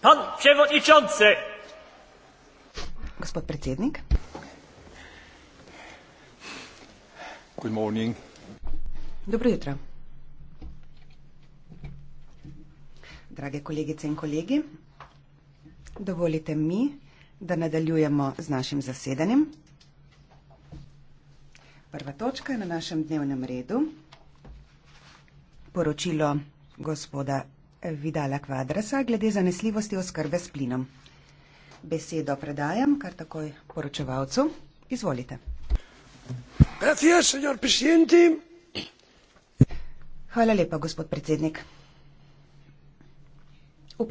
Pan przewodniczący! Gospod predsednik. Good morning. Dobro jutro. Drage kolegice in kolegi, dovolite mi, da nadaljujemo z našim zasedanjem. Prva točka je na našem dnevnem redu poročilo gospoda Vidala Kvadrasa glede zanesljivosti oskrbe s plinom. Besedo predajam kar takoj poročevalcu. Izvolite. Hvala lepa, gospod predsednik.